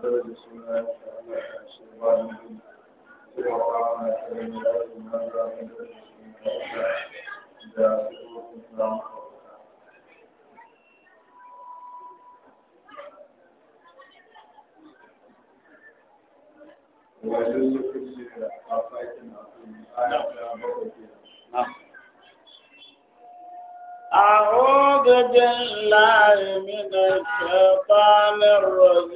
Wajen yi kusurwa a fahimta a yi amfani da da ke nan. أعوذ بالله من الشيطان الرجيم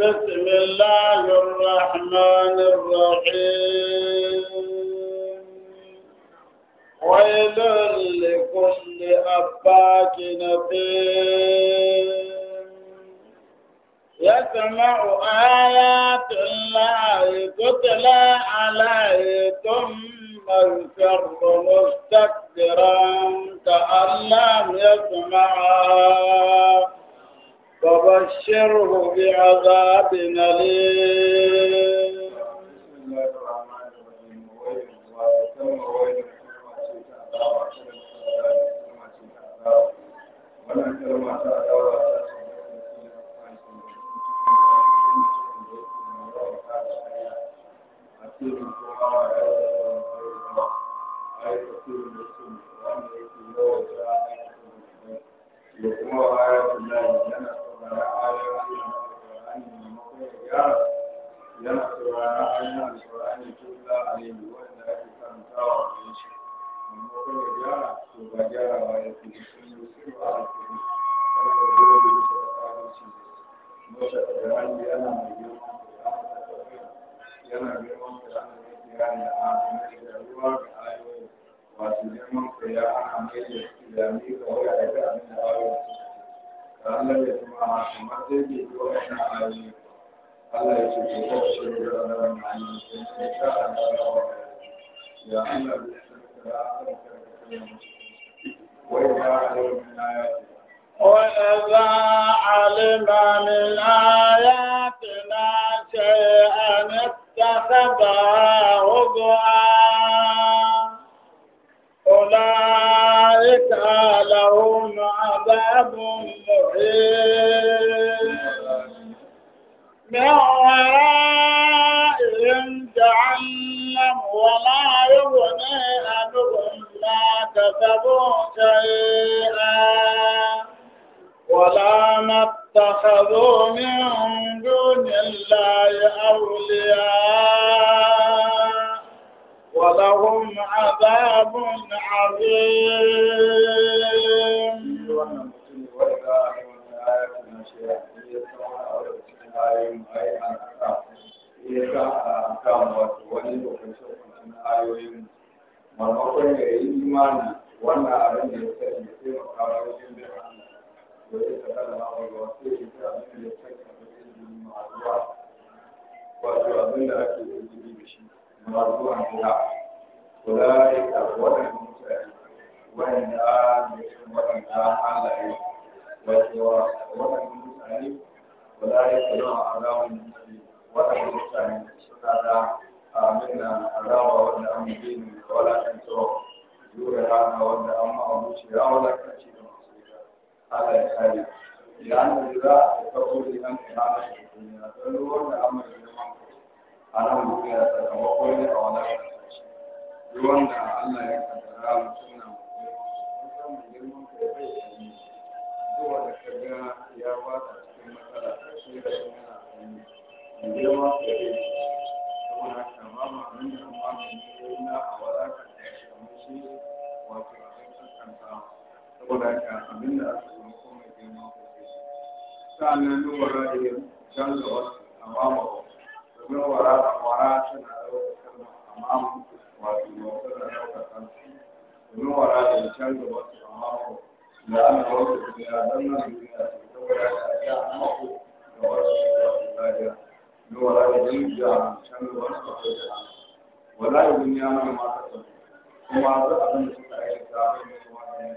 بسم الله الرحمن الرحيم ويل لكل أفاك نثيم يسمع آيات الله تتلى عليه ثم الفر مستكبرا كأن لم فبشره بعذاب أليم ولا نتخذوا من دون الله أولياء ولهم عذاب عظيم maimakon ya yi imani wannan abin da ya sani ya taimaka wajen bin Allah wato abin da ake izini da shi na zuwa nuna kula da waɗanda mutane waɗanda mutane suna da abin da azaba wanda an yi wanda wuce ya wadatance Allah ya kare idan da za a tafi da kan kana da duniya don ruwan da amma da man ana mutum ya sakamako ne a wannan ruwan da Allah ya kaddara mutum na mutum mai ya fata cikin matsala sai yana sani mai girman kai bai saboda haka ma da da aka sannan min wara'ihim canza wasu amamahu domin wara wara tana ɗaukar kalma amamu wato wasu na ɗaukar kalma domin wara da ya canza wasu amamahu da an wasu duniya don nan duniya ce saboda ta ya amaku da wasu wasu lafiya min wara'ihim da canza wasu akwai da wala yi duniya mana ma kuma za a zama suka aikata wani ne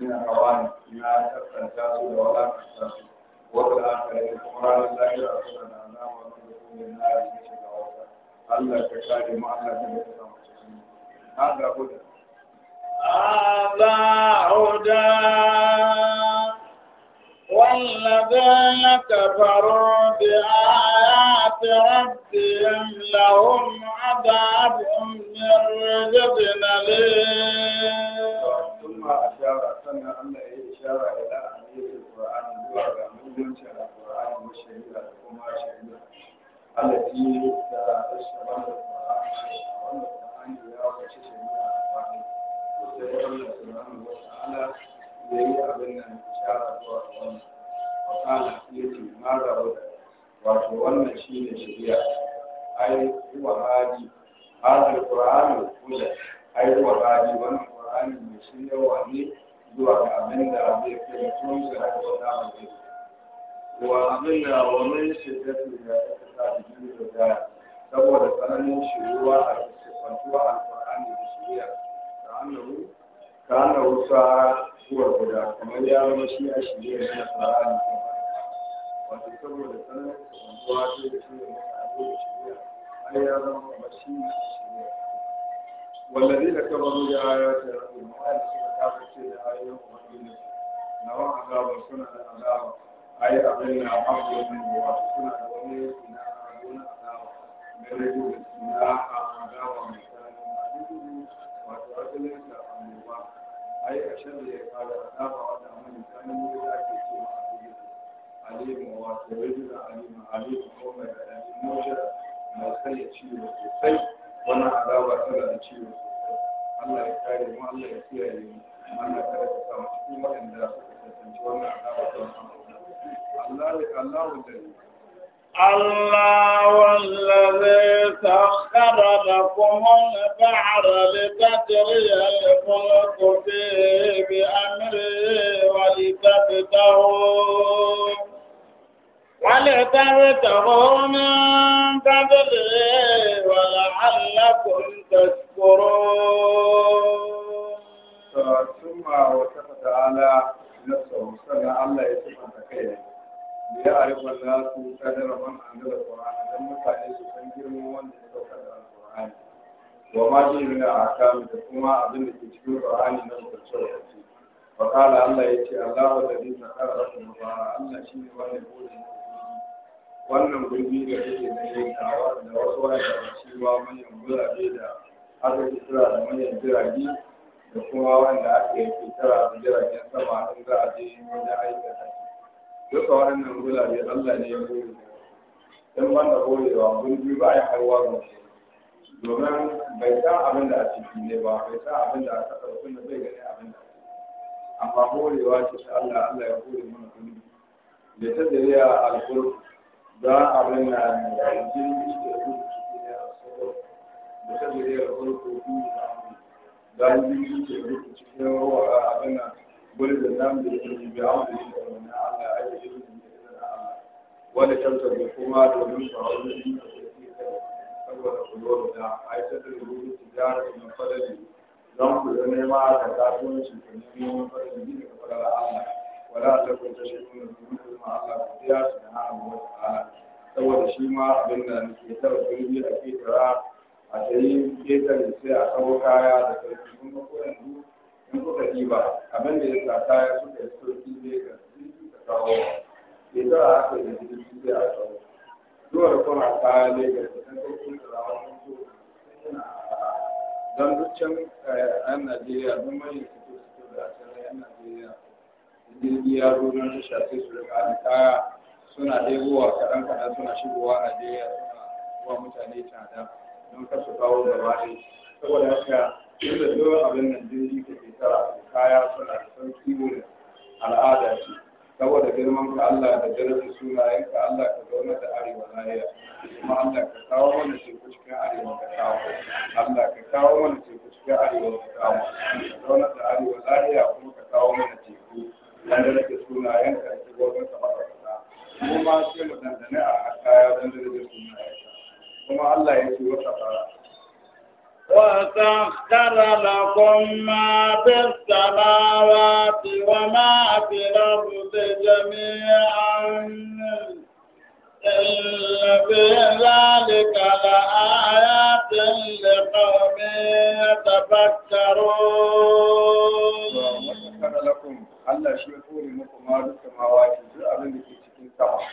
من الروان ما تفتح ولا تفتح والآخرة قرآن الله يعصر الأعلام ومن النار يجب الله كشاهد ما الله هذا هدى هذا هدى والذين كفروا بآيات ربهم لهم عذاب من رجب أليم ma shara, sannan Allah ya yi ishara ila ahadiyatul Qur'an zuwa ga muhimmancin Al-Qur'an wa shari'a da kuma shari'a allati ta ashara Al-Qur'an wannan Qur'an ya wuce shari'a wani sai Allah subhanahu wa ta'ala ya yi abin nan ishara zuwa wannan wa kana yake mara wato wannan shine shari'a ai huwa hadi hadal Qur'an huda ai huwa hadi wannan alƙur'ani mai shiryawa ne zuwa ga abin da zai kai tun ga wata mai wa abin da wa min shiddatu da ta sa da jini da saboda tsananin shiruwa a siffantuwa alƙur'ani da shirya ta annabu ta annabu sa kuwa guda kamar ya zama shi a shirya na alƙur'ani wato saboda tsananin siffantuwa sai da shirya da shirya har ya zama kamar shi والذين كفروا بآيات ربهم وآل شركاء الشيء آيهم عذاب سنة عذاب أي أبنى عبد من هو سنة وليس من عذاب من رجل السناء عذاب من كان عدوه وترجل سأعلم الله أي أشد يقال عذاب عذاب من كان ملاك سوى عزيز عليم عليم عليم هو من موجة ما سيأتي وسيأتي wannan azaba tana da ciwo Allah ya kare mu Allah ya kiyaye mu Allah cikin suka tantance wannan ta Allah ya Allah ya الله الذي سخر لكم البحر لتجري الفلك فيه بأمره ولتبتغوا ولتبتغوا من فضله لعلكم تشكرون ثم وصف تعالى نفسه صلى الله يسمى تكيه ليعرف الناس قدر من أنزل القرآن لم يكن يسكن جرمون يسكن القرآن وما شيء من الأحكام تكما أظن تشكر القرآن نفسه وقال الله يتي الله الذي ذكر لكم الله شيء ولا يقول wannan birni ga yake na yankawa da wasu wayar da cewa manyan gurabe da aka fitara da manyan jirage da kuma wanda aka yi fitara da jiragen sama don za a je wajen aikata duka wannan gurabe allah ne ya bori don wanda borewa gurbi ba ya haiwa ga domin bai san abin da a ciki ne ba bai san abin da a kasa da bai gani abin da amma borewa ce ta allah allah ya bori mana gurbi da ta zuriya alkurku don abin na jin da cikin ya saboda da saboda ya farko kuma da an jin da kuma cikin ruwa abin na gudu da nan da yake da yake da wani Allah a yi shi da Allah wanda kanta da kuma domin shawarar da yake saboda kulwar da aikata da rubutu tijara da mafadari don ku zama ma ka kasuwanci ka nemi da kafarar Allah wala ta kunta shi kuma zuwa ma Allah ku ya subhanahu wa ta'ala saboda shi ma abin da nake tara gurbi a ketara a sai ketare sai a kawo kaya da sarki kuma ko yanzu in kuka diba abin da ya sa kaya suka yi sauki ne ga ka kawo ketara aka yi jirgin sai a kawo zuwa da kuma kaya ne ga sarki kuma da rawar mutu don duk can 'yan Najeriya don mai jirgi ya zo don tasha sai su rika da kaya suna ɗebowa kaɗan kaɗan suna shigowa Najeriya suna wa mutane tsada don kar su kawo gaba ɗaya saboda haka duk da duk abin nan jirgi ke tara kaya suna da sauki wurin al'ada ce saboda girman ka Allah da darajar sunayen ka Allah ka zauna da arewa lahiya kuma Allah ka kawo mana teku cikin arewa ka kawo Allah ka kawo mana teku cikin arewa ka kawo ka zauna da arewa lahiya kuma ka kawo mana teku dan da ke sunayen da ke gogon sa mabarata kuma sai mu dandane a kaya dan da ke sunayen kuma Allah ya ce wata fara وسخر لكم ما في السماوات وما في الأرض جميعا إن في ذلك لآيات لقوم يتفكرون وسخر لكم Allah shi ya kore muku ma duka mawaki duk abin da ke cikin sama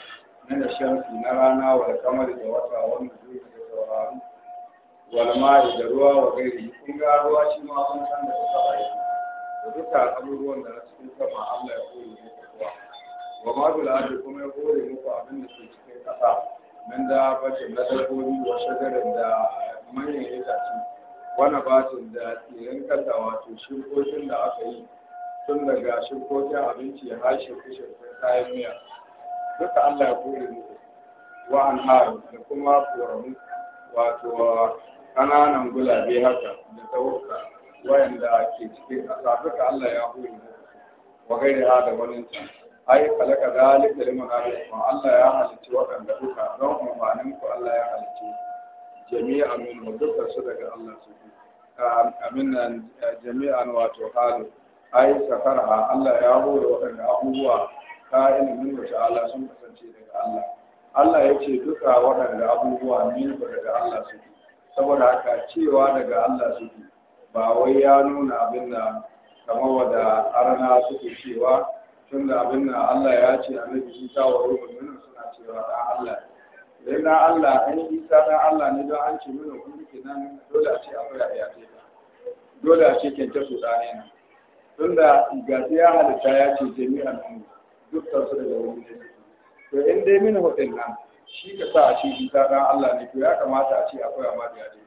na da shamsi na rana wa da kamar da wata wanda zai da saurari walmari da ruwa wa gairi kun ga ruwa shi ma kun san da sama yake da duka abubuwan da na cikin sama Allah ya kore muku ruwa wa ma da ardi kuma ya kore muku abin da ke cikin kasa nan da bace na dabbobi wa shagarin da manyan itace wani batin da tsirin kasa wato shirkoshin da aka yi tun ko ta abinci ya hashe kushe kayan miya duka Allah ya kore muku wa an haru da kuma koramu wato kananan gulabe haka da tawuka wayanda ke cikin ƙasa duka Allah ya kore muku wa gairi ha da wani ta ai kalaka dalik da liman kuma Allah ya halicci waɗanda duka don amfanin ku Allah ya halicci jami'a mu duka su daga Allah su ka nan jami'an wato halu ai sakara Allah ya hore waɗanda abubuwa ka'in min wa Allah sun kasance daga Allah Allah ya ce duka waɗanda abubuwa ba daga Allah suke saboda haka cewa daga Allah suke ba wai ya nuna abin da kamar wada arna suke cewa tun da abin da Allah ya ce annabi Isa wa rubunin suna cewa da Allah dai na Allah an Isa na Allah ne don an ce mana kun kenan dole a ce akwai ayyatai dole a ce kyanke su dane ne tunda ga ya halitta ya ce jami'an mu dukkan su daga wani ne to in dai min hudin nan shi ka sa a cikin ta dan Allah ne to ya kamata a ce akwai amma da yaje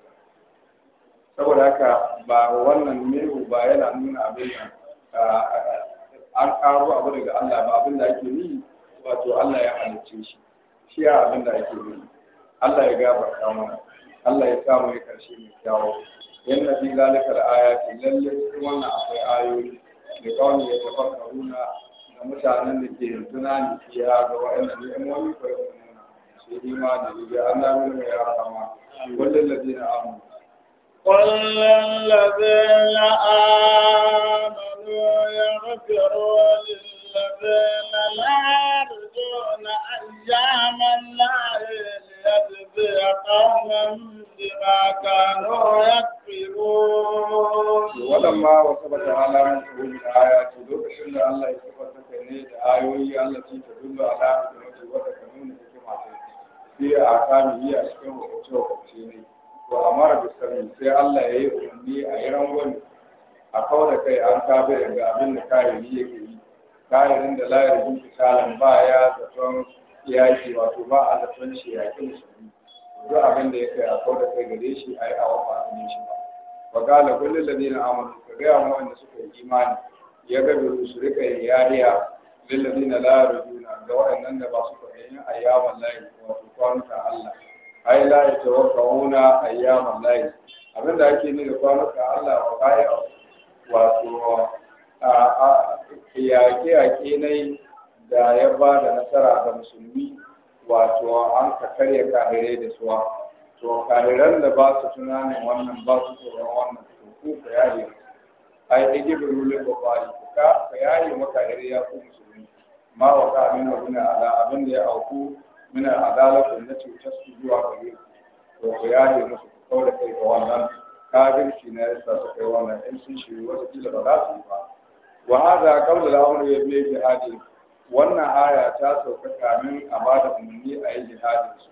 saboda haka ba wannan mehu ba yana nuna abin nan an karo abu daga Allah ba abin da ake yi wato Allah ya halicce shi shi ya abin da ake yi Allah ya gafarta mana Allah ya samu ya karshe mai kyawu yan nabi zalikal ayati lalle wannan akwai ayoyi da ya ya tafakkaruna da mutanen da ke tunani fiya ga waɗannan ni'imomi ko yu'minuna sai ima da annabi mai na wallal ladina amanu قل للذين آمنوا يغفروا للذين لا يرجون أيام الله Wadanda wa sabata ala mutu da aya ce lokacin da Allah ya sabata ka ne da ayoyi Allah ce ta dundu a lafi da mutu wata ka nuna ta kima ta a kami yi a cikin hukunci hukunci ne. To a mara da sami sai Allah ya yi umarni a yi rangon a kawai kai an kafa yanga abin da kayan yi yake da layar yi ta lamba ya zaton yaki wato ba a zaton shi yaki musulmi duk abin da ya kai a kawar da kai gare shi a yi a ba shi ba wa gala kullum da nina ka gaya mu wanda suka yi imani ya ga da su rika yi yariya ladina la yarjuna ga wa'annan da ba su kwaɗayin ayyaman layi wato kwanukan Allah ai la yatawaqquna ayyaman layi abin da ake nuna kwanukan Allah wa kaya wato a ke yaƙe nai da ya ba da nasara ga musulmi wato an ka karya kahire da suwa to kahiran da ba su tunanin wannan ba su tsoron wannan to ku ka yaye ai igi bulu le ko bari ka ka yaye maka ya ku musulmi ma wa ka amin wa bina ala abin da ya auku mina adalatu na cutar su zuwa gare ku to ka yaye musu ku da kai ga wannan kafirci na yasa su kai wannan in sun shiri wata kila ba za su yi ba wa hada qawlu al-amru bi hadhihi wannan aya ta sauka kamin a ba da umarni a yi jihadin su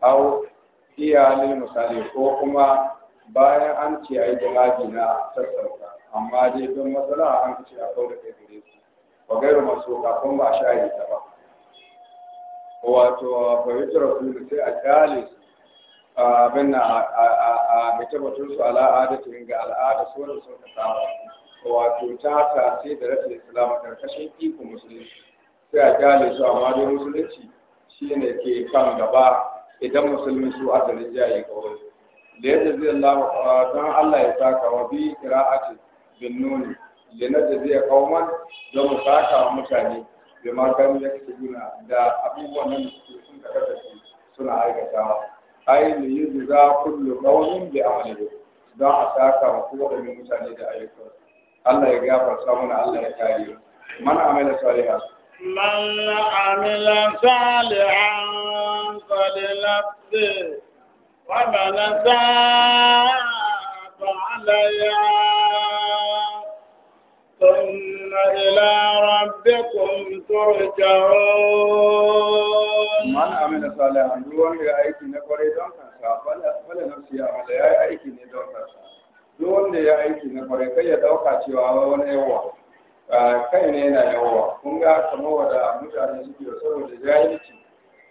au iya misali ko kuma bayan an ce a yi jihadi na sassauka amma dai don matsala an ce a kawo da kai gare su ba gairu masu kafin ba sha yi ta ba wato fahimtar rasulu sai a kyale su abin na a mace batun su al'adatin ga al'adar su wanda sun ka wato ta ta da rashin islamu karkashin ikon musulunci sai a jale su amma dai musulunci shi ne ke kan gaba idan musulmi su a tsarin jaye kawai da yadda zai Allah don Allah ya saka wa bi qira'ati bin nun lina da zai kauman don mu saka mutane da ma kan ya guna da abubuwan nan sun ka su suna aikatawa ai ne yuzu za kullu qawmin bi amalihi don a saka wa kowane mutane da ayyukan Allah ya gafarta mana Allah ya kare mana amala salihah من عمل صالحا فلنفسه ومن ساء فعليها ثم إلى ربكم ترجعون من عمل صالحا يوم يأيك نقري دونك فلنفسه عليها يأيك ندونك duk wanda ya aiki na kwarai kai ya dauka cewa wani yawa kai ne yana yawa kun ga kamar da mutane suke da saboda jahilci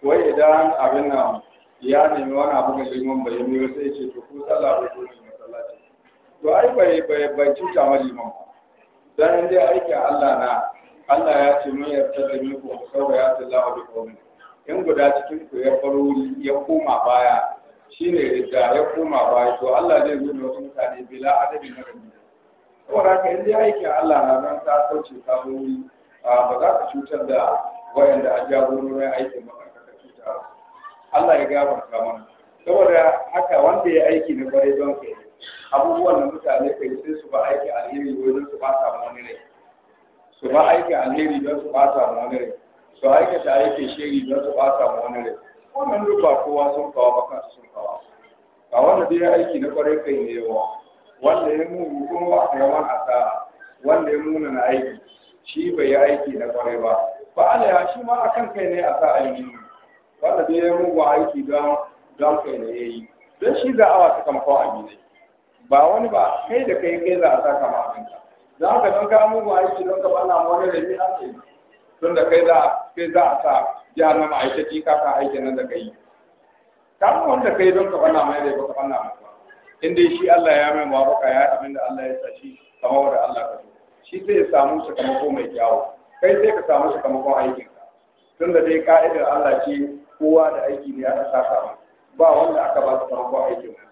wai idan abin nan ya nemi wani abu ga liman bai yi wasu ya ce to ko sallah bai zo ne masallaci to ai bai bai bai cuta ma liman ba dan in a Allah na Allah ya ce mun yarda da mu ko saboda ya sallahu bi qawmi in guda cikin ku ya faro ya koma baya shine da ya koma baya to Allah zai zo da wasu mutane bila adadin na saboda haka in aiki aikin Allah na nan ta sauce ta wuri ba za ka cutar da wayan ajiya a jagororin aikin ba ka ka cuta Allah ya gafarta mana saboda haka wanda ya aiki na bare don yi abubuwan da mutane kai sai su ba aiki alheri wajen su ba samu wani rai su ba aiki alheri don su ba samu wani rai su aikata aiki shiri don su ba samu wani rai wannan duk ba kowa sun kawo ba kansu sun kawo a wanda dai aiki na kwarai kai ne yawa wanda ya muni kuma a yawan asara wanda ya muna na aiki shi bai yi aiki na kwarai ba ba ala ya shi ma a kan kai ne a sa aiki wanda bai yi mugu aiki don don kai ne ya yi don shi za a wata kamfa abinai ba wani ba kai da kai kai za a sa kama a kanka. za ka don ka mugu aiki don ka bana wani rabi a ce tun da kai za kai za a sa jihar ma'aikaci ka sa aikin nan da kai ka wanda kai don ka bana mai rai ba ka bana mai in dai shi Allah ya mai mawafaka ya abin da Allah ya sa shi kamar da Allah ka so shi zai samu ko mai kyawu kai sai ka samu ko aikin ka tun da dai ka'idar Allah ce kowa da aiki ne aka saka ba ba wanda aka ba ko aikin ka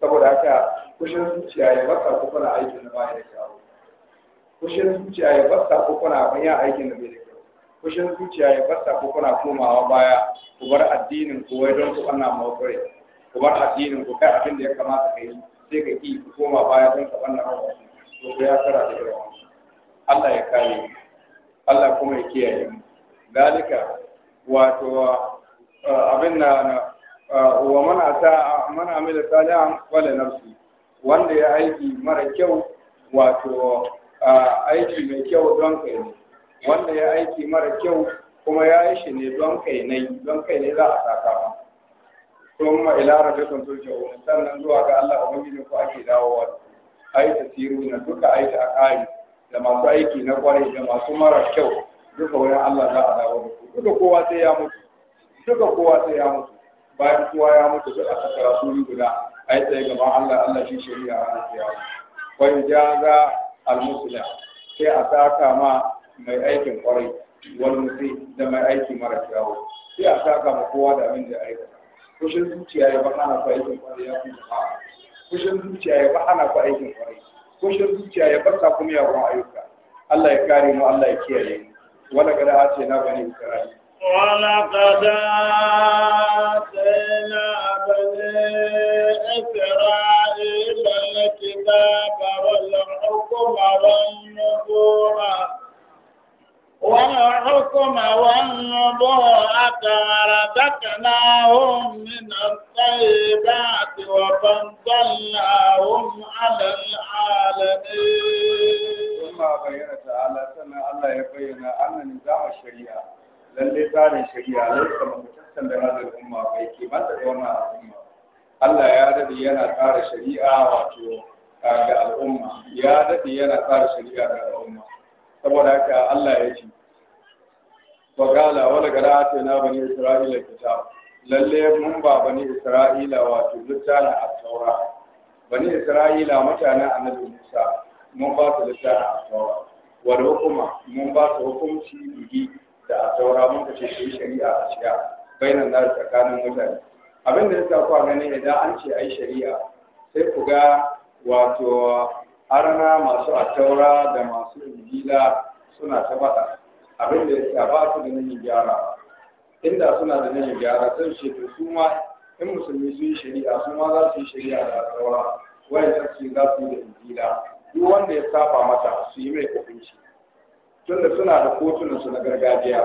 saboda haka kushin zuciya ya baka ko kana aikin da ba ya da kyawu kushin zuciya ya baka ko kana bayan aikin da bai da kyau. kushin zuciya ya baka ko kana komawa baya ku bar addinin ku wai don ku ana mawafaka ku bar addinin ku kai abin da ya kamata ka yi sai ka ki ku koma baya don ka wannan rawa to ku ya kara da rawa Allah ya kare mu Allah kuma ya kiyaye mu dalika wato uh, abin na uh, wa man ata man amila salihan wala nafsi wanda ya aiki mara kyau wato uh, aiki mai kyau don kai ne wanda ya aiki mara kyau kuma ya yi shi ne don kai ne don kai ne za a saka sun ma ila rabbikum turja'un sannan zuwa ga Allah ubangiji ku ake dawowa ai tasiru na duka ai ta akari da masu aiki na kwarai da masu mara kyau duka wurin Allah za a dawo da ku duka kowa sai ya mutu duka kowa sai ya mutu bayan kowa ya mutu duk aka kara suri guda ai tsaye gaban Allah Allah shi shari'a a ranar kiyama wai jaga al-muslim sai a saka ma mai aikin kwarai wani musi da mai aiki mara kyawu sai a saka ma kowa da abin da ya aikata kushin zuciya ya ba hana ku aikin kwarai ya kuma ba kushin zuciya ya ba hana ku aikin kwarai kushin zuciya ya ba sa ku miyagun ayyuka Allah ya kare mu Allah ya kiyaye mu wala kada a ce na bani Isra'ila ولقد آتينا بني إسرائيل الكتاب wala hukuma wannan والنبوة ذاك من الطيبات وفضلناهم على العالمين ثم بين تعالى سنة الله يبين أن نزاع الشريعة للي تاري الشريعة ليس ممتسا لهذا الأمة في كيما تكون الأمة الله يا ربي ينا تاري الشريعة واتو ga al'umma ya daɗe yana tsara shari'a ga al'umma saboda haka Allah Bagala wani gada ake na bani Isra'ila kitab. Lalle mun ba bani Isra'ila wato littafin taura. Bani Isra'ila mutanen Annabi Musa mun ba su littafin taura. Wani hukuma mun ba su hukunci bigi da taura mun kace shi shari'a a shiya bainan nas tsakanin mutane. Abin da yasa ku gani idan an ce ai shari'a sai ku ga wato arana masu taura da masu Injila suna ta faɗa abin da ya ba su da nan gyara inda suna da nan gyara sun ce to su ma in musulmi su yi shari'a su ma za su yi shari'a da tsawa wayan sarki za su yi da injila duk wanda ya saba mata su yi mai hukunci tunda suna da kotunan su na gargajiya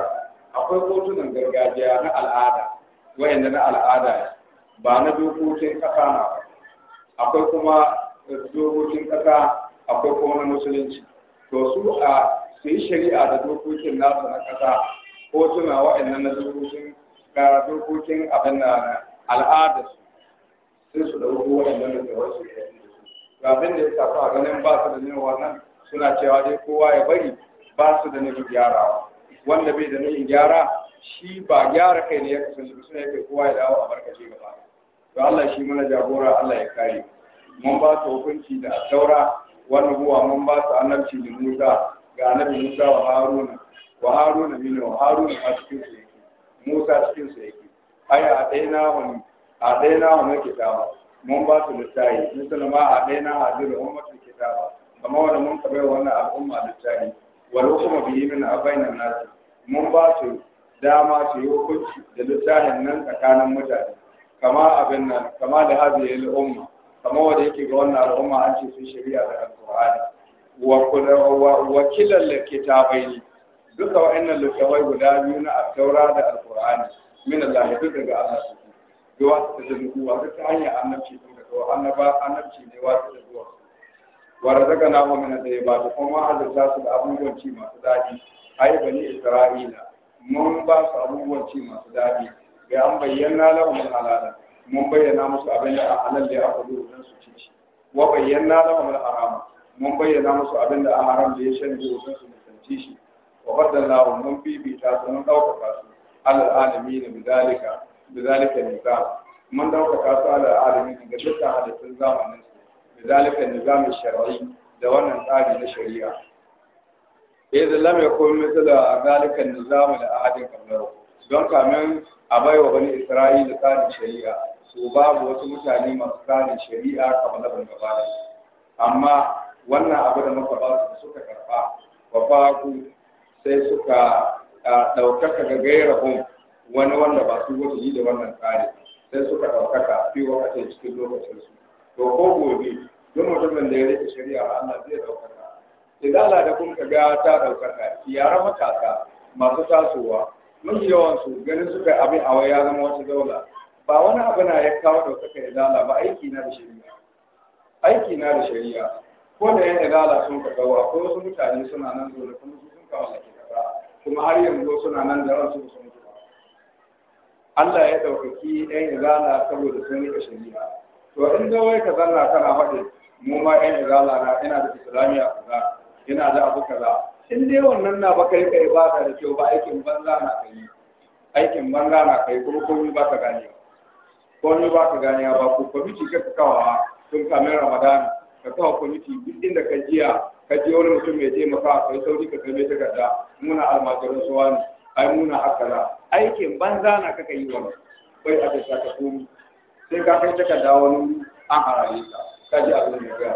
akwai kotunan gargajiya na al'ada Wai na al'ada ba na dokokin kasa na akwai kuma dokokin kasa akwai kuma na musulunci to su a su yi shari'a da dokokin nasu na ƙasa ko tuna wa'annan na dokokin ga dokokin abin da al'ada su sai su ɗauko wa'annan da wasu ga abin da ya tafi a ganin ba su da nuna wannan suna cewa dai kowa ya bari ba su da nufin gyarawa wanda bai da nufin gyara shi ba gyara kai ne ya kasance ba suna yake kowa ya dawo a barkace gaba to Allah shi mana jagora Allah ya kare mun ba su hukunci da saura wani buwa mun ba su annabci da Musa ga annabi Musa wa Haruna wa Haruna min wa Haruna a cikin su yake Musa cikin su yake aya a daina hun a daina hun kitaba mun ba su littafi misali ma a daina hadiru ummatul kitaba amma wanda mun kabe wannan al'umma littafi wal hukuma bihi min abainan nas mun ba su dama su yi hukunci da littafin nan tsakanin mutane kama abin nan kama da haziyar al'umma kama wanda yake ga wannan al'umma an ce sun shari'a da alƙur'ani wakilan littattafai ne duka wa'annan littafai guda biyu na taura da alkur'ani min Allah duk daga Allah su bi wasu ta zuwa duk da hanyar annabci sun da kawo annaba annabci ne wasu ta zuwa wa razaka na mu min ya ba da kuma azurta su da abubuwan ci masu daɗi ai bani isra'ila mun ba su abubuwan ci masu daɗi ga an bayyana lahum halala mun bayyana musu abin da halal da ya zo don su ci wa bayyana lahum harama mun bayyana musu abin da a haram da ya shanye wasu sun su musanci shi wa faddala wa mun bibita su mun ɗaukaka su alal alami na bizalika bizalika nizam mun ɗaukaka su alal alami ga dukkan halittun zamanin su bizalika mu shari'i da wannan tsari na shari'a idan lam yakun mithla zalika nizam da ahadin qablahu don kamin a baiwa bani isra'ila tsarin shari'a su babu wasu mutane masu tsarin shari'a kamar da gaba amma wannan abu da maka ba su suka karba wa ba ku sai suka ɗaukaka ga gairahun wani wanda ba su wata yi da wannan tsari sai suka ɗaukaka fi wakata cikin lokacin su to ko gobe duk mutumin da ya rike shari'a Allah zai ɗaukaka izala da kun ga ta ɗaukaka yara matasa masu tasowa mun yawan su ganin suka abin a waya zama wata daula ba wani abu na ya kawo ɗaukaka izala ba aiki na da shari'a aiki na da shari'a ko da yan dala sun ka gawa ko wasu mutane suna nan dole kuma su sun kawo laki kaza kuma har yanzu suna nan da ransu su mutu Allah ya ɗaukaki yan izala saboda sun rika shari'a to in dawai ka zanna kana faɗi mu ma yan izala na ina da islamiyya kaza ina da abu kaza in dai wannan na baka kai ibada da kyau ba aikin banza na kai aikin banza na kai kuma komai ba ka gane komai ba ka gane ba ku kwamiti ka kawawa tun kamin ramadana ka kawo kwamiti duk inda ka jiya ka je wani mutum mai taimaka kai sauri ka kai ta gada muna almajiran suwa ne ai muna hakala aikin banza na kaka yi wa bai a ta ka komi sai ka kai ta gada wani an haraye ka ka ji abin da gaya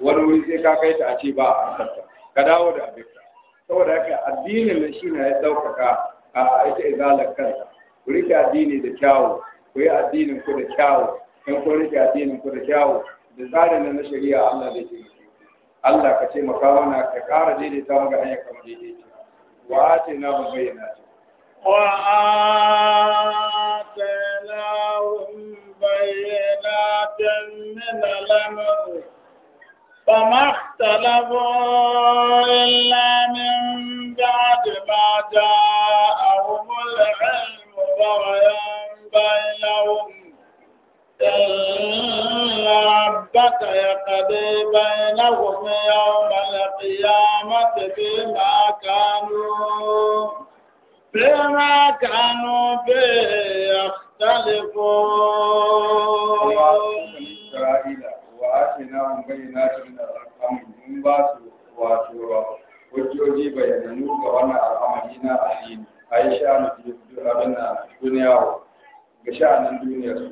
wani wuri sai ka kai ta a ce ba a hankalta ka dawo da abin ka saboda haka addinin nan shi na ya ɗaukaka a ita izalar kanta ku rike addini da kyawu ku yi addinin ku da kyawu in ku rike addinin ku da kyawu da tsarin na shari'a Allah bai ce Allah ka ce maka mana ka ƙara daidaita mu ga hanyar kamar daidaita wa ce na mu bayyana ta wa atana hum bayyinatan min al-amr فما اختلفوا إلا من بعد ما جاءهم العلم بغيا بينهم إن ربك يقضي بينهم يوم القيامة بما كانوا بما كانوا به يختلفون. وآتيناهم بينات من الأرقام من باس واتورا hujjoji bayanannu ga wannan al'amari na addini a yi sha'anin abin na duniya ga sha'anin duniya su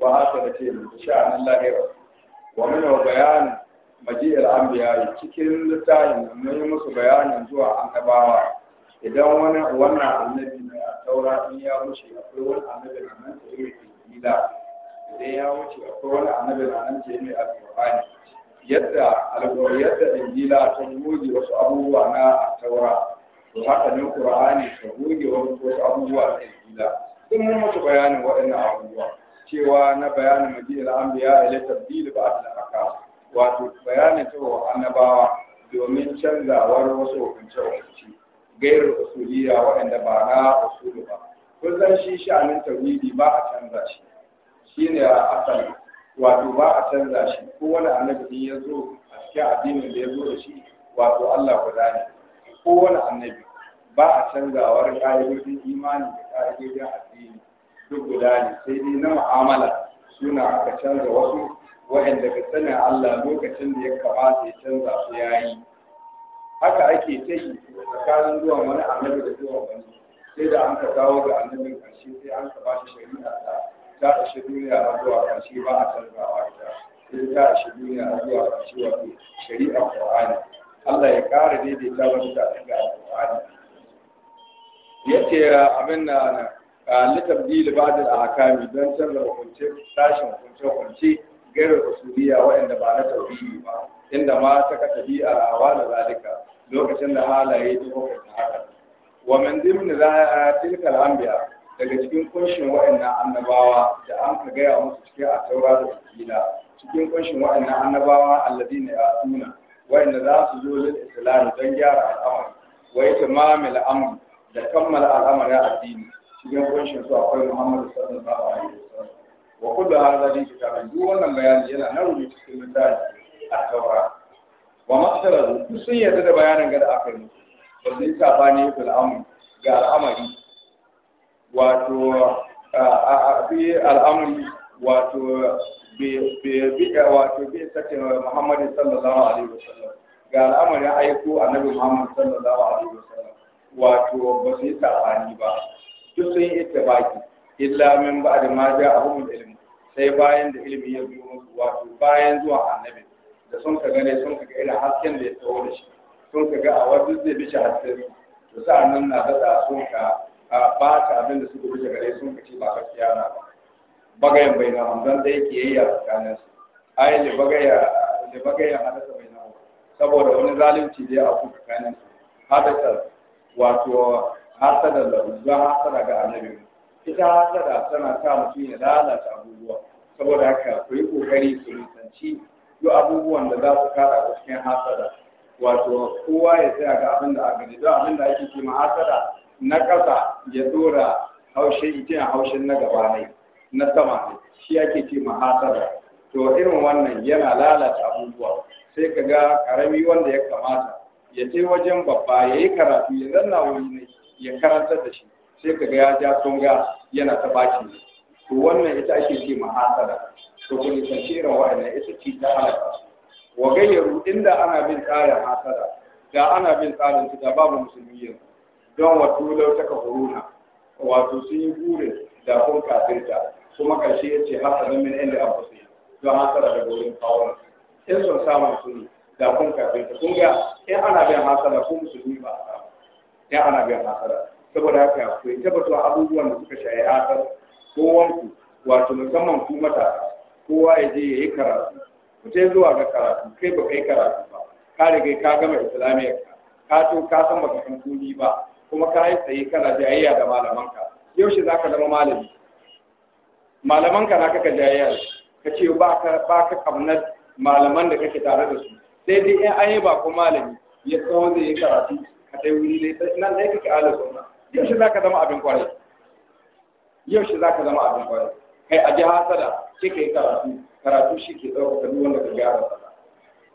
wa haka da ce sha'anin lahira wa mana wa bayanin majiyar anbiya cikin littafin mun yi musu bayanin zuwa annabawa idan wani wannan annabi mai a taura in ya wuce akwai wani annabi nan ta yi kila idan ya wuce akwai wani annabi na nan ta yi yadda alƙur'ani yadda injila ta goge wasu abubuwa na a taura to haka ne qur'ani ta goge wasu abubuwa na injila sun mun musu bayanin waɗannan abubuwa cewa na bayanin majiyar anbiya ila ba ba'd da haka wato bayanin cewa annabawa domin canzawar wasu hukunce hukunci gairar usuliya waɗanda ba na usulu ba kusan shi sha'anin tauhidi ba a canza shi shine asali wato ba a canza shi ko wani annabi ne ya zo a cikin addinin da ya zo da shi wato Allah guda ne ko wani annabi ba a canzawar ƙa'idodin imani da ƙa'idodin addini duk guda ne sai dai na mu'amala suna aka canza wasu wa'anda ka sanin Allah lokacin da ya kamata ya canza su yi. haka ake ta yi tsakanin zuwa wani annabi da zuwa wani sai da an ka dawo ga annabin ƙarshe sai an ka ba shi shari'a ta ta ashe duniya a zuwa ƙarshe ba a canzawa ita sai ta ashe duniya a zuwa ƙarshe wato shari'a Qur'ani Allah ya ƙara daidaita wani da ga Qur'ani yace abin na litabdil ba'd da ahkami don canza hukunce tashin hukunce hukunce gairar usuliya waɗanda ba na tauhidi ba inda ma ta ka tabi'a hawa da zalika lokacin da halaye ta hukunta haka wa min dimni tilka al daga cikin kunshin waɗannan annabawa da an ka gaya musu cikin a taura da sikila cikin kunshin waɗannan annabawa alladina a suna waɗanda za su zo lil islam don gyara al'amari wa ita mamil amr da kammala al'amarin addini cikin kunshin su akwai Muhammadu sallallahu alaihi wasallam wa kullu hadha li kitabin duk wannan bayani yana nan rubuce cikin littafi at-Taurat wa masdaru duk sun yarda da bayanin ga da aka yi ba sai fil amr ga al'amari wato a fi al'amari wato wato Muhammadu sallallahu alaihi wasallam ga aiko annabi Muhammad sallallahu alaihi wasallam wato ba su yi sabani ba duk sun yi baki illa min ba da ma ja'ahum ilm sai bayan da ilimi ya biyo musu wato bayan zuwa annabi da sun ka gane sun ka ga irin hasken da ya tsawo da shi sun ka ga a wasu zai bi shi hasken to sa'an nan na daɗa sun ka ba ta abin da suka bi gare sun ka ce ba gaskiya na ba bagayen bai na hamzan dai ke yayya a tsakanin su ai da bagaya da bagaya hadasa bai na saboda wani zalunci da ya auku tsakanin su hadasa wato hasada da ruwa hasada ga annabi ita hasada tana sa mutum ya lalata abubuwa saboda haka kuyi kokari su nisanci duk abubuwan da za su kara a cikin hasada wato kowa ya tsaya ga abin da aka gani don abin da ake ce ma hasada na ƙasa ya dora haushin itin haushe na gaba ne na sama shi ake ce hasada to irin wannan yana lalata abubuwa sai ka ga karami wanda ya kamata ya je wajen babba ya yi karatu ya zanna wuri ne ya karantar da shi sai ka ga ya ja tunga yana ta baki to wannan ita ake ce ma hasara to kun san irin wa'ana ita ce ta halaka wa gayyaru inda ana bin tsarin hasara da ana bin tsarin su babu musulmi yanzu don wato ka huruna wato sun yi gure da kun kafirta kuma karshe ya ce hasadan min inda abusi don hasara da wurin kawon in sun samu su ne da kun kafirta kun ga in ana bin hasara ko musulmi ba a samu in ana biyan hasara saboda haka ku yi tabbatuwa abubuwan da suka shaye hasar kowanku wato musamman ku mata kowa ya je ya yi karatu ku je zuwa ga karatu kai ba kai karatu ba ka riga ka gama islamiyyar ka to ka san baka san kuni ba kuma ka yi tsaye kana jayayya da malamanka yaushe za ka zama malami malamanka na kaka jayayya ka ce ba ka kamnar malaman da kake tare da su sai dai ai ba ko malami ya tsawon zai yi karatu ka dai wuri nan dai kake ala sunna yau shi zaka zama abin kwarai yau shi zaka zama abin kwarai kai a ji hasada kike karatu karatu shi ke ɗaukaka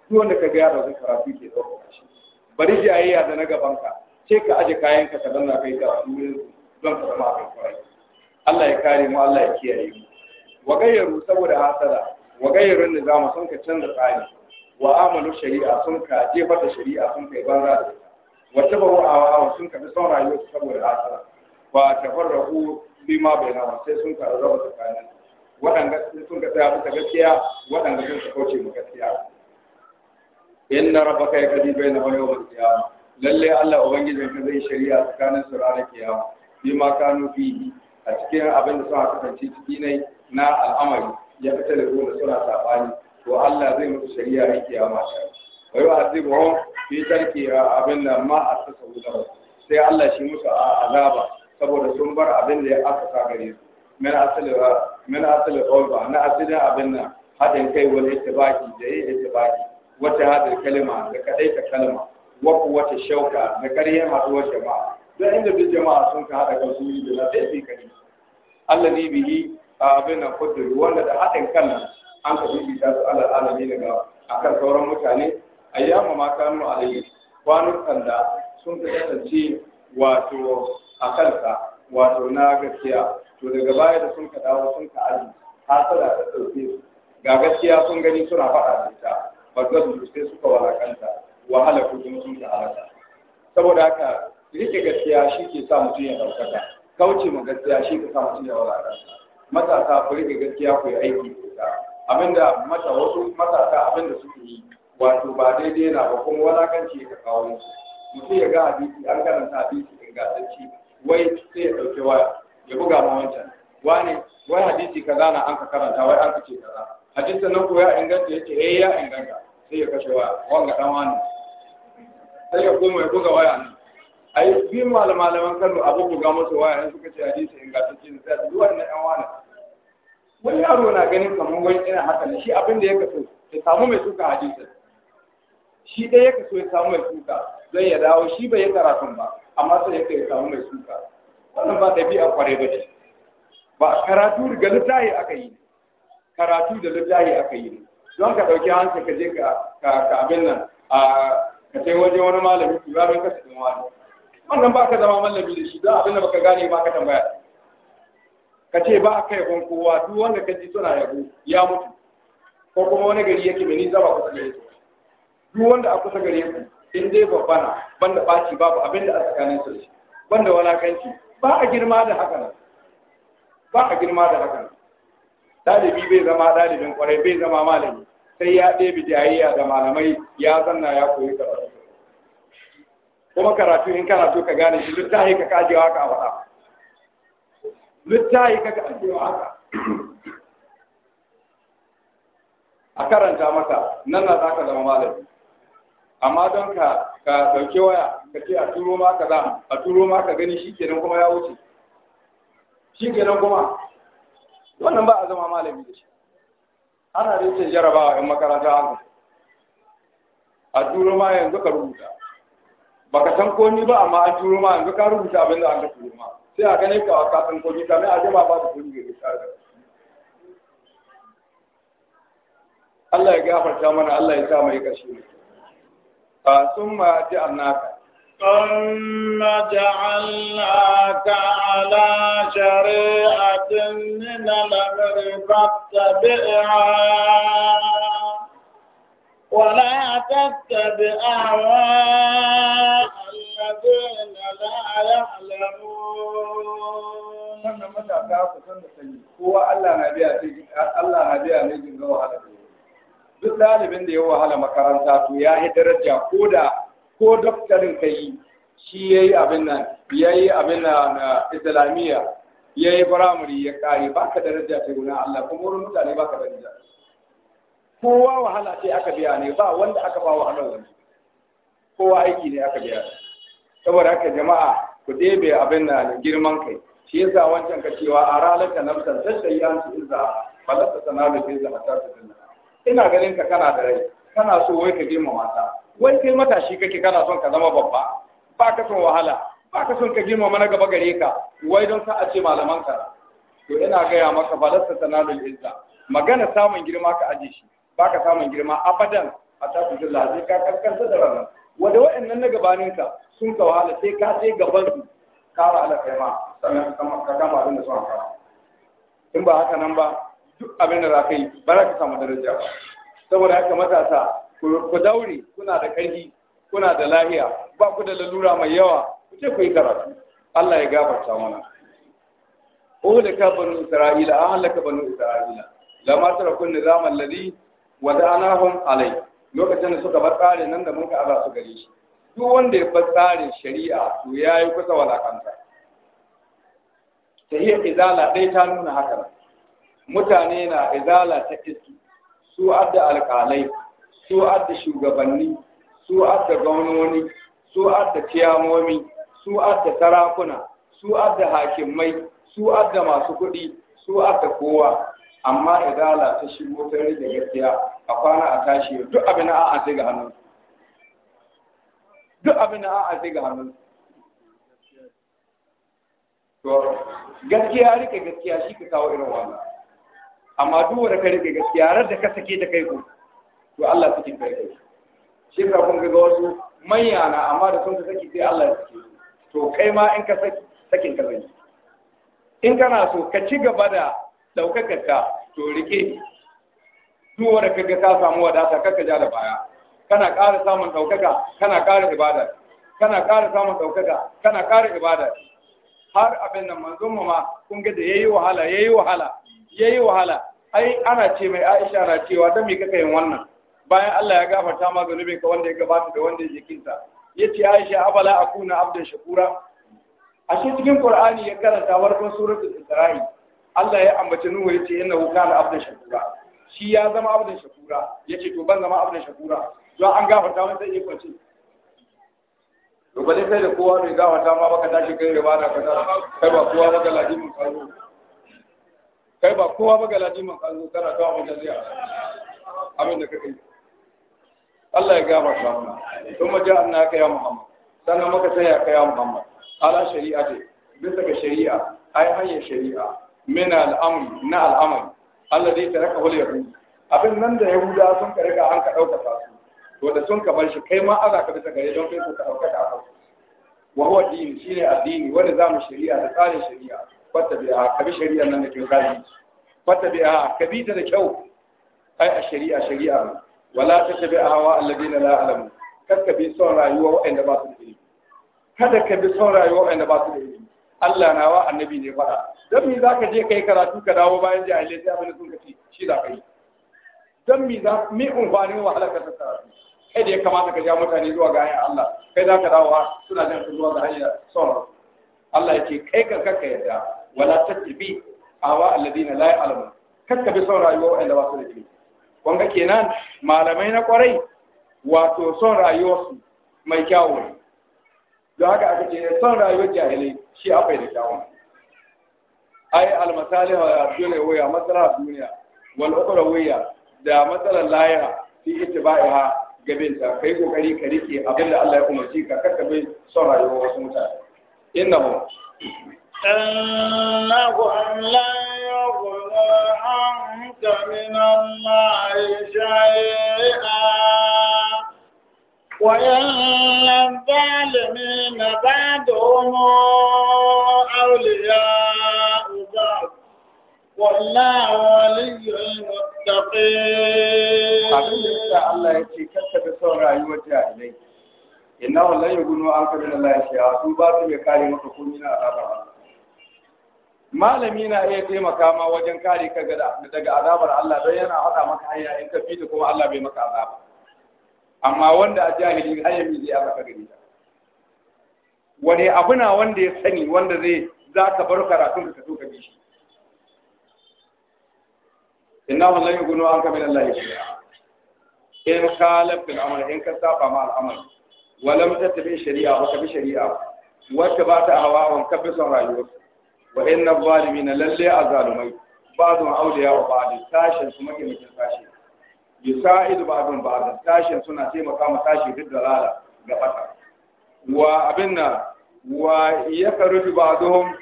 duk wanda ka gyara duk wanda ka gyara zai karatu ke ɗaukaka shi bari jayayya da na gabanka ce ka aje kayan ka ka zanna kai karatu wurin don ka zama abin kwarai Allah ya kare mu Allah ya kiyaye mu wa gayyaru saboda hasada wa gayyarun nizama sun ka canza tsari wa amalu shari'a sun ka jefar da shari'a sun kai banza da wata ba wa'awa sun kafi son rayuwarsu saboda hasara ba a tafarraku fi ma bai nawa sai sun karu raba tsakanin waɗanda sun ka tsaya bisa gaskiya waɗanda sun ka kauce mu gaskiya inna rabbaka yakdi bainahum yawm al-qiyamah lalle Allah ubangijin ka zai shari'a tsakanin su ranar kiyama bi ma kanu fihi a cikin abin da suka kasance ciki ne na al'amari ya fita da suna sabani to Allah zai musu shari'a a kiyama wai wa azibuhum fi tarki abin da ma a saka wuta sai Allah shi musu azaba saboda sun bar abin da ya sa gare su min asali ba? min asali qawba na asali abin nan hadin kai wal ittibaki da yin ittibaki wata hadin kalima da kadaita kalma wa quwwata shauka da kariyar haduwar jama'a don inda duk jama'a sun ka haɗa kan yi da lafiya sai kani Allah ne bihi abin nan kudur wanda da hadin kan an ka bibi ta su alal alamin ga akan sauran mutane ayyama ma kanu alayhi kwanukan da sun ka kasance wato a wato na gaskiya to daga baya da sun ka dawo sun ka aji hasala ta ɗauke su ga gaskiya sun gani suna faɗa da ita bazza su sai suka walakanta wahala ku kuma sun ka halaka saboda haka rike gaskiya shi ke sa mutum ya ɗaukaka kauce ma gaskiya shi ke sa mutum ya walakanta matasa ku rike gaskiya ku yi aiki da ita abinda mata wasu matasa abinda suke yi wato ba daidai na ba kuma walakanci ka kawo musu mutum ya ga hadisi an karanta hadisi ingantacci wai sai ya dauke waya ya buga ma wancan wani wai hadisi kaza na an ka karanta wai an ka ce kaza hadisi nan ko ya inganta ya ce eh ya inganta sai ya kashe waya wanga dan wani sai ya koma ya buga waya ne ai bi malaman kallo abu buga musu waya in suka ce hadisi ingantacci ne sai duk wannan yan wani wani yaro na ganin kamar wani ina haka ne shi abin da ya kaso ya samu mai suka hadisi shi dai yake so ya samu mai suka don ya dawo shi bai yi karatun ba amma sai ya samu mai suka wannan ba ɗabi'a kwarai ba ce ba karatu daga littahi aka yi karatu da littahi aka yi don ka ɗauki hansa ka je ka abin nan a ka sai waje wani malami imamin ka cikin wani wannan ba ka zama malami da shi don abin da baka gane ba ka tambaya ka ce ba ka yi kowa duk wanda ka ji suna yabo ya mutu ko kuma wani gari yake mai nisa ba ku da yake duk wanda a kusa gare ku in dai babba na banda ɓaci babu abin da a tsakanin su banda walakanci ba a girma da haka nan ba a girma da haka nan ɗalibi bai zama ɗalibin kwarai bai zama malami sai ya ɗebe jayayya da malamai ya zanna ya koyi karatu kuma karatu in karatu ka gane shi littahi ka kajewa ka faɗa littahi ka kajewa haka a karanta maka nan na zaka zama malami amma don ka ka dauke waya ka ce a turo ma za a turo ma ka gani shikenan kuma ya wuce shikenan kuma wannan ba a zama malami da shi ana da yake jarabawa yan makaranta haka a turo ma yanzu ka rubuta baka san komi ba amma an turo ma yanzu ka rubuta abin da an ka turo ma sai a gane ka ka san komi kamar a jama ba da kuri da ka Allah ya gafarta mana Allah ya sa mai kashi ne ثم جعلناك ثم جعلناك على شريعة من الأمر فاتبعها ولا تتبع أهواء الذين لا يعلمون. Allah na biya ne ɗalibin da ya wahala makaranta to ya yi daraja ko da ko daftarin ka yi shi ya yi abin nan ya yi abin na islamiyya ya yi firamare ya kare ba ka daraja ta guna Allah kuma wurin mutane ba ka daraja kowa wahala ce aka biya ne ba wanda aka ba wahala wani kowa aiki ne aka biya saboda haka jama'a ku ɗebe abin na girman kai shi yasa wancan ka cewa a ranar ka nafsar zai yi an su iza ba za ta sanar da zai zama ta su ina ganin ka kana da rai kana so wai ka girma mata. wai kai matashi kake kana son ka zama babba ba ka son wahala ba ka son ka girmama na gaba gare ka wai don ka a ce malaman ka to ina gaya maka balasta tanalul izza magana samun girma ka aje shi ba ka samun girma abadan a tafi jilla sai ka kaskanta da ranar wanda wa'annan na gabanin ka sun ka wahala sai ka sai gaban su kara ala kaima sannan ka kama abin da in ba haka nan ba duk abin da za ka yi ba za ka samu daraja ba saboda haka matasa ku daure kuna da karfi kuna da lahiya ba ku da lalura mai yawa ku ce ku yi karatu Allah ya gafarta mana O da ka banu isra'ila an halaka banu isra'ila lama taraku nizam alladhi wada'anahum alai lokacin da suka bar tsarin nan da mun ka aza su gare shi duk wanda ya bar tsarin shari'a to yayi kusa walakanta ta iya izala dai ta nuna haka mutane na izala ta isu su adda alƙalai su adda shugabanni su adda gwamnoni su adda ciyamomi su adda sarakuna su adda hakimai su adda masu kuɗi su adda kowa amma izala ta shigo ta rage gaskiya a kwana a tashi duk abin da sai ga hannun duk abin a'a an sai ga hannun to gaskiya rike gaskiya shi ka kawo irin wannan amma duk wanda ka rike gaskiya har da ka sake ta kai ku to Allah suke kai kai shi ka kun ga wasu mayyana amma da sun ka saki sai Allah ya saki to kai ma in ka saki sakin ka zai in kana so ka ci gaba da daukakar ka to rike duk wanda kai ga ka samu wadata kaka ja da baya kana ƙara samun daukaka kana ƙara ibada kana ƙara samun daukaka kana ƙara ibada har abin nan manzon ma kun ga da yayi wahala yayi wahala yayi wahala ai ana ce mai Aisha na cewa dan me kaka yin wannan bayan Allah ya gafarta ma zanubin ka wanda ya gabata da wanda ya kinta yace Aisha abala akuna abdan shakura ashe cikin Qur'ani ya karanta warkon suratul Isra'i Allah ya ambaci Nuhu yace innahu kana abdan shakura shi ya zama abdan shakura yace to ban zama abdan shakura don an gafarta masa sai ya kwace to bale sai da kowa ne gafarta ma baka tashi kai riba da kaza kai ba kowa ga lajimin kawo kai ba kowa ba galadi man kan zo kana kawo wajen zai abin da kake yi Allah ya gama ka mana kuma ja annaka ya Muhammad sannan muka saya ka ya Muhammad ala shari'a ce bisa ga shari'a ai hanyar shari'a min al'amri na al'amri Allah zai taraka hul yahud abin nan da yahuda sun ka riga an ka dauka su to da sun ka bar shi kai ma aza ka bisa gare don kai ko ka dauka ta wa huwa din shine addini wanda zamu shari'a da tsarin shari'a fata bi'a ka bi shari'a nan da ke kai fata bi'a ka bi ta da kyau ai a shari'a shari'a wala ta tabi hawa alladina la alamu kar ka bi son rayuwa waɗanda ba su da ilimi kada ka bi son rayuwa waɗanda ba su da ilimi Allah na wa annabi ne faɗa dan me zaka je kai karatu ka dawo bayan jahilai sai abin da sun kace shi za ka yi dan me za me umfanin wa ka ta karatu kai da ya kamata ka ja mutane zuwa ga hanyar Allah kai za ka dawo suna jan zuwa ga hanyar son Allah ya ce kai ka yadda wala tattabi awa alladina la ya'lamu kakka bi son rayuwa wanda ba su da ilimi wanga kenan malamai na kwarai wato son rayuwarsu mai kyawu ne don haka aka ce son rayuwar jahilai shi akwai da kyawun ai almasalihu wa dole waya matsala duniya wal ukhra waya da matsalar lahira fi ittiba'iha gabin ta kai kokari ka rike abinda Allah ya umarci ka kakkabe son rayuwar wasu mutane innahu إنهم لن يغلوا عنك من الله شيئا وإن الظالمين بعدهم أولياء بعض والله ولي المتقين. Inna wallahi ya gunu an kabila Allah ya shi'a su ba su ya kare maka kunya a rabar Allah. malami na iya taimaka ma wajen kare ka daga azabar Allah don yana haɗa maka hanya in ka fita kuma Allah bai maka azaba amma wanda a jahili hanyar mi zai aka gari da. wani abu na wanda ya sani wanda zai za ka bar karatun ka so ka bi shi inna wallahi yugunu an ka min Allah ya in khalaf bil amr in ka saba ma al'amari wa lam tattabi shari'a wa ka bi shari'a wa ta ba ta hawa wa ka bi son wa inna zalimina lalle azalumai ba'dun awliya wa ba'd tashin su maki maki tashi yusa'idu ba'dun ba'd tashin suna taimaka ma tashi duk dalala ga fata wa abinna wa yakhruju ba'duhum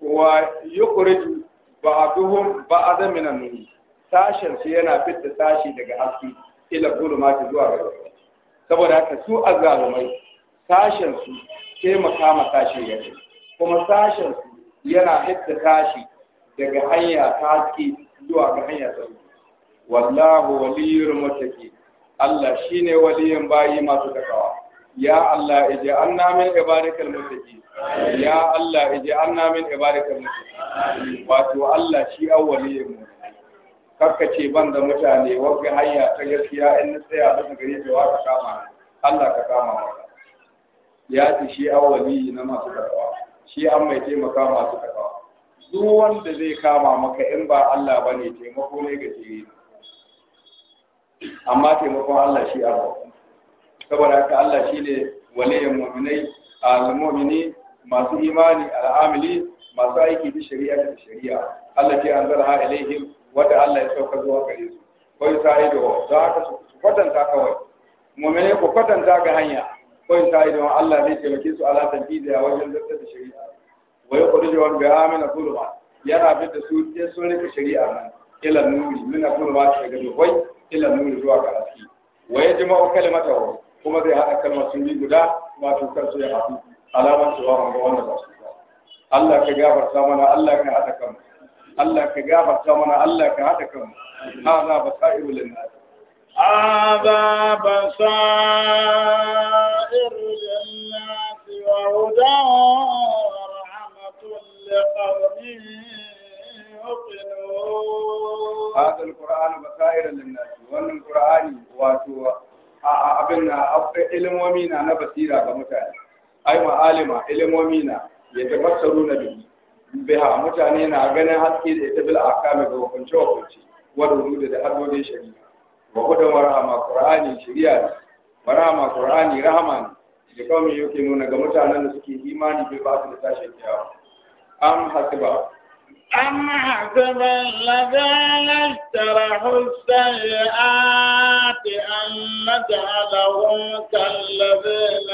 wa yukhriju ba'duhum ba min an tashin su yana fitta tashi daga haske ila gulumati zuwa ga saboda haka su azalumai tashin su taimaka ma tashi yake kuma sashen su yana hidda tashi daga hanya ta haske zuwa ga hanya ta haske wallahu waliyyar mataki Allah shi ne waliyyar bayi masu takawa ya Allah ije an namin ibadikal mataki. ya Allah ije an namin ibadikal mataki. wato Allah shi awwaliyin mu karka ce ban da mutane wanda hanya ta gaskiya in na tsaya da gare ta ka kama Allah ka kama ya ce shi awwali na masu takawa shi an mai taimaka masu kafa su wanda zai kama maka in ba Allah ba ne taimako ne ga jiri amma taimakon Allah shi abu saboda haka Allah shi ne waliyan mu'minai al-mu'mini masu imani al-amili masu aiki da shari'a da shari'a Allah ke an zara ilaihim wanda Allah ya sauka zuwa gare su ko sai da za su kwatanta kawai mu'mini ko kwatanta ga hanya kawai ta idan Allah zai taimake su ala tanfidi a wajen zartar da shari'a wa ya kudu jawan ga amina kulma yana fitar su sai sun rika shari'a nan ila nuri mina kulma ta daga dubai ila nuri zuwa ga haske wa ya jima'u kalimatahu kuma zai haɗa kalmar sun bi guda wato kar su ya haɗu alaman su ba ga wanda ba su ba Allah ka gafarta mana Allah ka haɗa kanmu Allah ka gafarta mana Allah ka haɗa kanmu hada basairu lin nas hada basairu سر الناس وهدى ورحمة لقوم يوقنون هذا القرآن بصائر للناس وأن القرآن واتوا abin na ilimomi na na basira ga mutane ai ma'alima ilimomi na ya tabassaru na biyu biha mutane na ganin haske da ita bil akami ga hukunce hukunce wadda da haddodin shari'a wa gudun warhama qur'ani ne. barama qur'ani rahama ne da kawai yake nuna ga mutanen da suke imani bai ba su da tashin kiyawa am hasiba أم حسب الذين اشترحوا السيئات أن نجعلهم كالذين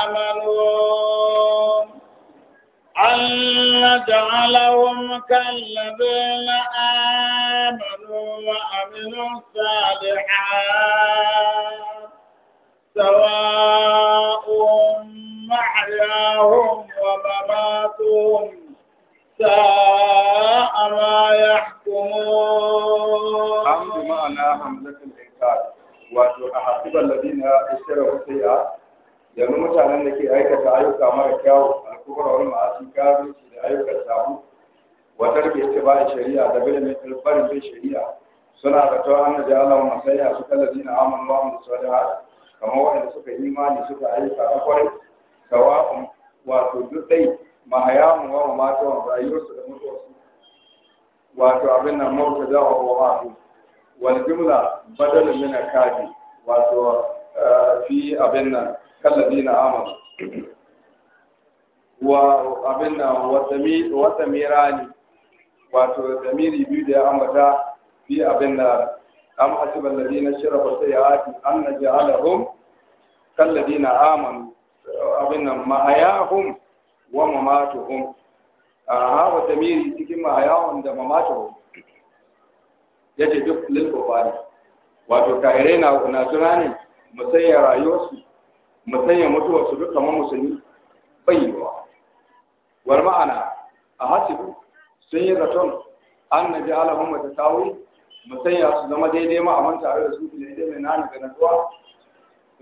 آمنوا أن نجعلهم كالذين آمنوا وعملوا الصالحات سواء محياهم ومماتهم ساء ما يحكمون حمد معنى حمزة الإنكار وأحسب الذين اشتروا السيئات yanzu mutanen da ke aikata ayyuka mara kyawu alkufar wani ma'asi kafirci da ayyukan samu watar ke ce ba shari'a da bilimin alfarin shari'a suna da tawar hannun da Allah masaya su kallazina amon wa amon da sauran kamar wanda suka yi imani suka aika a kwarai sawa'un wato duk dai mahayamu wa mata wa rayuwarsu da mutuwarsu wato abin nan mawuta za wa wa mafi Wani jumla badalin mina kaji wato eh, fi abin nan na amanu wa abin nan wa tamirani wato miri biyu da ya ambata fi abin nan am hasiba alladhina sharabu sayyi'ati an naj'alahum kal ladina amanu abin nan mahayahum wa mamatuhum a hawa tamiri cikin mahayahum da mamatuhum yace duk lil kufari wato kaire na na tunani musayya rayuwarsu musayya mutuwarsu duk kamar musulmi bayyawa ma'ana a sun yi zaton an naj'alahum wa tasawi mu sanya su zama daidai ma a tare da su ne da mai nan ga nasuwa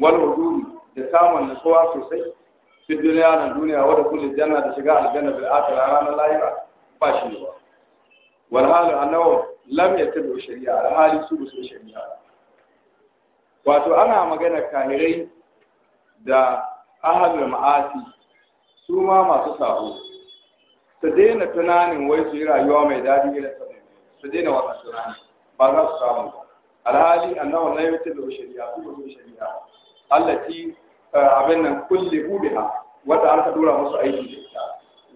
wal hududi da samun nasuwa sosai fi duniya na duniya wadda kullum janna da shiga aljanna bil akhirah ranar lahira ba shi ne ba wal hal annahu lam yatabi shari'a al hali su su shari'a wato ana magana kahirai da ahlul ma'asi su ma masu sabo su daina tunanin wai su yi rayuwa mai daɗi irin su daina wannan tunanin ba za su samu alhali annahu la yutilu shari'a su ba shari'a allati eh, abin nan kulle kulli biha wanda aka dora musu aiki da ita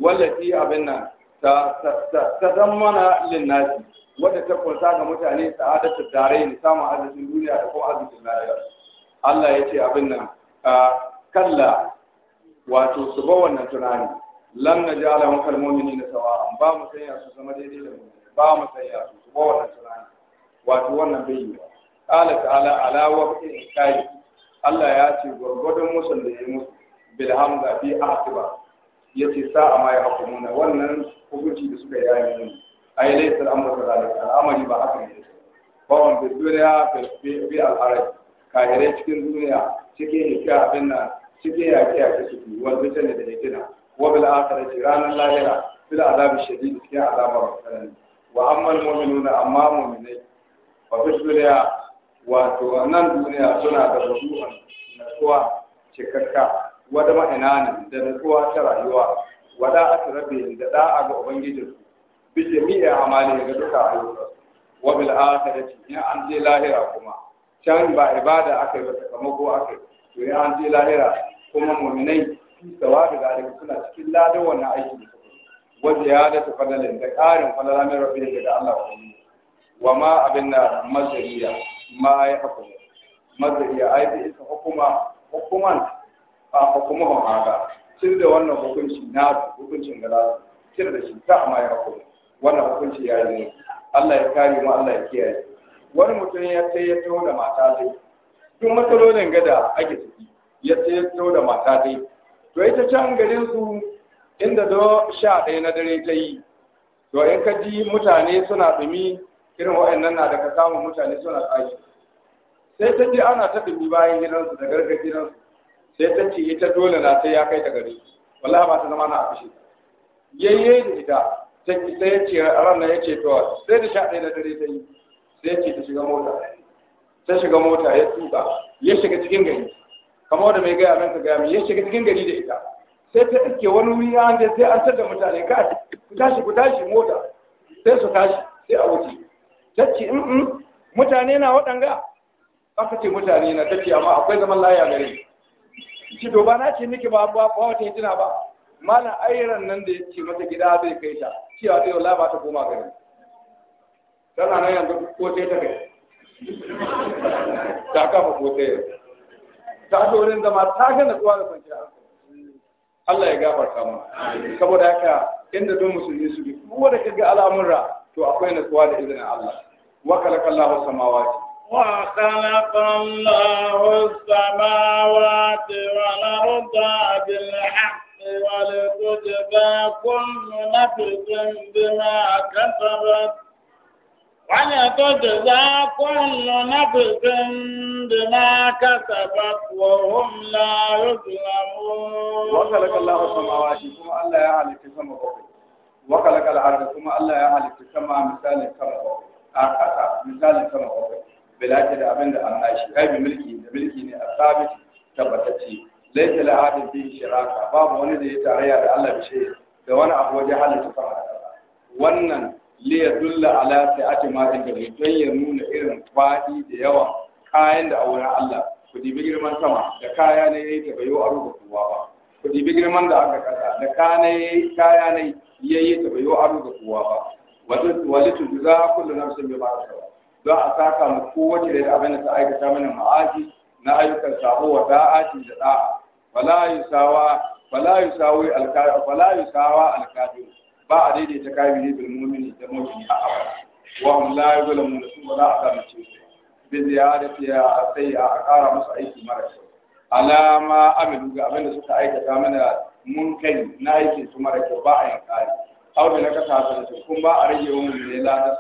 wallati abin nan ta ta zammana lin nasi wanda ta kunsa ga mutane sa'adatu darain samun arzikin duniya da ko arzikin lahira Allah ya ce abin nan eh, kalla wato su ba wannan tunani lam na ji alamun kalmomin na sawa ba mu sanya su zama daidai da mu ba mu sanya su su ba wannan tunani wato wannan bai yi ba qala ta'ala ala waqti kai Allah ya ce gurgudun musul da ya musu bil hamza fi ahtiba yace sa'a ma ya hukumuna wannan hukunci da suka yi ne ai laysa al-amru kadhalika al-amri ba haka ne bawan bi duniya bi al-arab kahire cikin duniya cikin hikka abin nan cikin yaƙi yaƙi su wal bitan da na wa bil akhirati ranan lahira bil azabi shadid cikin azabar sanan wa amma al-mu'minuna amma mu'minai fa duniya wato a nan duniya suna da rubuwan natsuwa cikakka wata ne da natsuwa ta rayuwa wada a rabe da da'a ga ubangijinsu bi jami'a amali ga duka a wa bil akhirati ya an je lahira kuma can ba ibada aka yi ba sakamako aka yi to an je lahira kuma mu'minai fi sawabi da suna cikin ladan wannan aiki da ya da ta fadalin da karin fadalamin min rabbi daga Allah ko wa ma abin na mazariya ma ya hukuma mazariya ai bi isa hukuma hukuman a hukuma ba haka cin da wannan hukunci na hukuncin da za da shi ta ma ya hukuma wannan hukunci ya yi ne Allah ya kare mu Allah ya kiyaye wani mutum ya sai ya tawo da mata dai duk matsalolin gada ake ciki ya sai ya tawo da mata dai to ita can garin su inda do sha ɗaya na dare ta yi to in ka ji mutane suna dumi irin wa'annan na daga samun mutane suna tsaki sai ta je ana ta dubi bayan gidansu da garga gidansu sai ta ce ita dole na sai ya kai ta gari wallahi ba ta zama na afishi yayye da ita ta ki sai ya ce ranar ya ce to sai da sha ɗaya da dare ta yi sai ya ce ta shiga mota ta shiga mota ya tuka ya shiga cikin gari kamar da mai gaya ranka gaya ya shiga cikin gari da ita sai ta iske wani wuri an da sai an da mutane ka ku tashi ku tashi mota sai su tashi sai a wuce tacci in mm, mm, mutane na waɗanga aka ce mutane na tacci amma akwai zaman laya gare shi to ba na ce niki ba ba ba wata hijira ba Mana ayyaran nan da ya mata gida zai kai ta cewa zai wallahi ba ta koma gari tana nan yanzu ko sai ta kai ta kafa ko sai ta dorin zama ta ga natsuwa da kwanciyar Allah ya gafarta mu saboda haka inda don musulmi su bi kowa da kaga al'amura تعطينا سؤال إذن الله وخلق الله السماوات وخلق الله السماوات والأرض بالحق ولتجزى كل نفس بما كسبت ولتجزى كل نفس بما كسبت وهم لا يظلمون وخلق الله السماوات ثم الله يعني في سمك wa kalakal arda kuma Allah ya halitta sama misalin sama a kasa misalin sama bakwai bilaki da abin da an nashi kai bi da milki ne a sabit tabbatacce laita la'adin hadin bi shiraka babu wani da ya tarayya da Allah bishe da wani abu wajen halitta sama da ƙasa. wannan li yadulla ala sa'ati ma inda don ya nuna irin fadi da yawa kayan da a wurin Allah ku dibi girman sama da kaya ne ya yi bayo a da kowa ba ku bi girman da aka kasa da kanai kaya ne yayi ta bayo aro da kowa ba wajen walitun za kullu nafsin bi ma'asa don a saka mu kowace da abin da ta aikata mana ma'aji na ayyukan sabo wa da'ati da da'a wala yusawa wala yusawi al wala yusawa al-kafir ba a daidaita kafiri bil mu'mini da mu'mini a abada wa hum la yuzlamuna su wala azamatu bi ziyadati ya sayya a kara musu aiki mara kyau alama amilu ga abinda suka aikata mana mun kai na aikin su mara kyau ba a yin kari hau da na kasa su kun ba a rage wani mai lada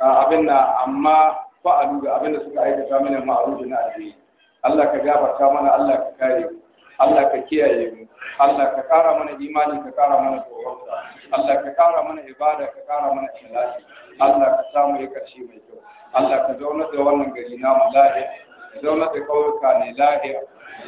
abin na amma a ga abinda suka aikata mana da na alheri Allah ka gafarta mana Allah ka kare mu Allah ka kiyaye mu Allah ka kara mana imani ka kara mana tsoronta Allah ka kara mana ibada ka kara mana ikhlasi Allah ka samu ya karshe mai kyau Allah ka zauna da wannan gari namu lafiya Zauna da kauyuka ne lahiya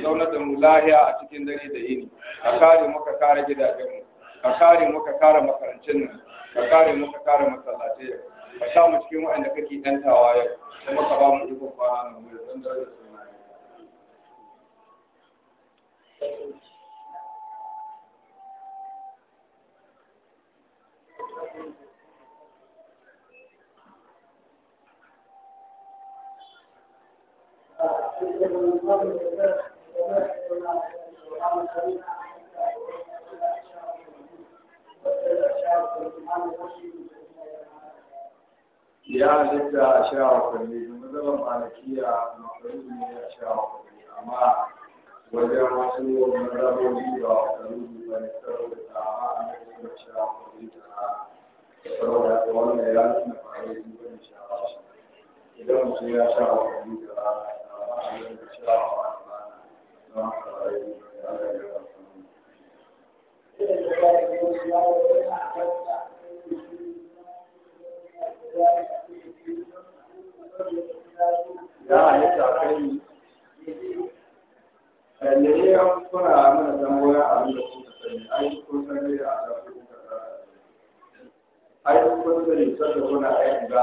Zauna da mu lahiya a cikin dare da yini ka kare mu ka kare mu. ka kare mu ka kare makarancin nan ka kare mu ka kare masallatai ka sa mu cikin wa'anda kake dantawa yau kuma ka ba mu ikon kwana mu da da Thank you. ya halitta a sha wakanni da mazaban malakiya makaru ne amma wajen wasu mazabobi da wakaru ba ne saboda ta a da sha da ta saboda ta wannan ya nuna faruwa da sha idan mutum ya sha da rana ai kun sani sanda kuna aiki da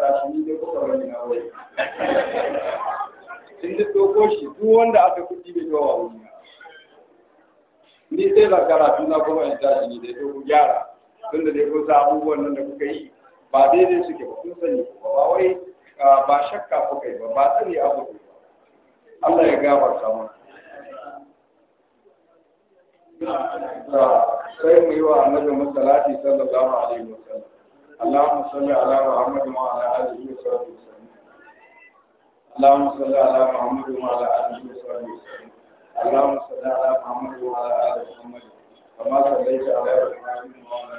ta shi ni dai kuka gani na wai in duk doko shi duk wanda aka kuɗi bai yawa wuri ni sai da karatu na kuma in ta tashi da dai ku gyara da dai kun sa abubuwan nan da kuka yi ba daidai suke ba kun sani ba wai ba shakka kuka yi ba ba sani abu ba Allah ya gafarta mu sai mu yi wa annabi masallati sallallahu alaihi wasallam اللهم صل على محمد وعلى آله وصحبه وسلم اللهم صل على محمد وعلى آله وصحبه وسلم اللهم صل على محمد وعلى آل محمد كما صليت على إبراهيم وعلى